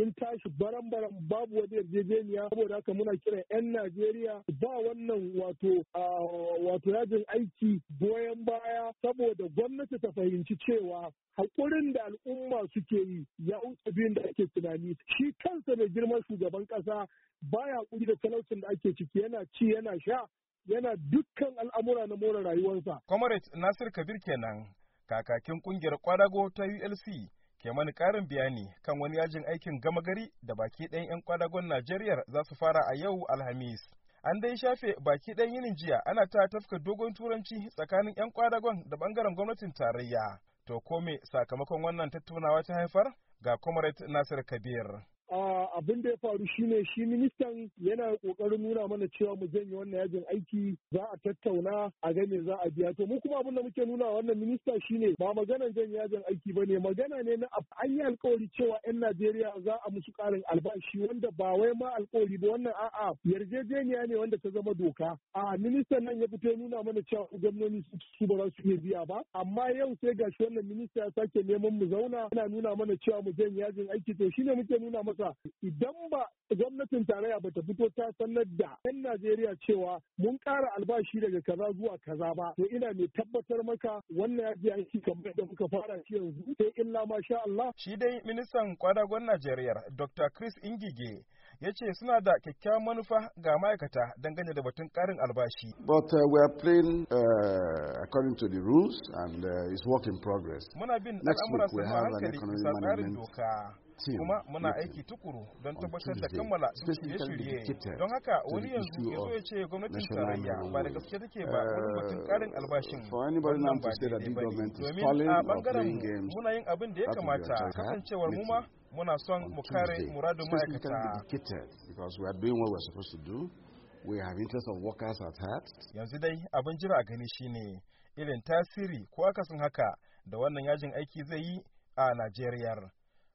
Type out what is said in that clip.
mun tashi baran-baran babu wani yarjejeniya saboda haka muna kira 'yan Najeriya ba wannan wato wato yajin aiki goyon baya saboda gwamnati ta fahimci cewa haƙurin da al'umma suke yi ya abin da ake tunani shi kansa mai girman shugaban ƙasa baya haƙuri da talaucin da ake ciki yana ci yana sha yana dukkan al'amura na more rayuwarsa. Comrade Nasir Kabir kenan kakakin ƙungiyar kwadago ta ULC ke mani ƙarin bayani kan wani yajin aikin gama gari da baki ɗayan 'yan kwadagon Najeriya za su fara a yau Alhamis. An dai shafe baki ɗayan yinin jiya ana ta tafka dogon turanci tsakanin 'yan kwadagon da ɓangaren gwamnatin tarayya. To kome sakamakon wannan tattaunawa ta haifar ga Comrade Nasir Kabir. abin da ya faru shine shi ministan yana kokarin nuna mana cewa mu janye wannan yajin aiki za a tattauna a gane za a biya to mu kuma abin da muke nuna wannan minista shine ba maganan janye yajin aiki bane magana ne na an yi alkawari cewa yan Najeriya za a musu karin albashi wanda ba wai ma alkawari ba wannan a'a yarjejeniya ne wanda ta zama doka a ministan nan ya fito nuna mana cewa gwamnati su ba za su iya biya ba amma yau sai gashi wannan minista ya sake neman mu zauna yana nuna mana cewa mu janye yajin aiki to shine muke nuna masa ƙasa idan ba gwamnatin tarayya ba ta fito ta sanar da 'yan Najeriya cewa mun ƙara albashi daga kaza zuwa kaza ba to ina mai tabbatar maka wannan ya shi kamar da muka fara shi yanzu sai in la masha Allah. Shi dai ministan kwadagon Najeriya Dr. Chris Ingige ya ce suna da kyakkyawan manufa ga ma'aikata dangane da batun karin albashi. But uh, we are playing uh, according to the rules and uh, it's work in progress. Muna bin al'amura sun hankali bisa tsarin doka. kuma muna aiki tukuru don tabbatar da kammala shirye-shirye don haka wani yanzu ya zo ya ce gwamnatin tarayya ba da gaske take ba uh, wurin batun karin albashin wannan ba daidai ba ne domin a bangaren muna yin abin da ya kamata kasancewar mu ma muna son mu kare muradun ma'aikata we have Yanzu dai abin jira a gani shine irin tasiri ko akasin haka da wannan yajin aiki zai yi a Najeriya.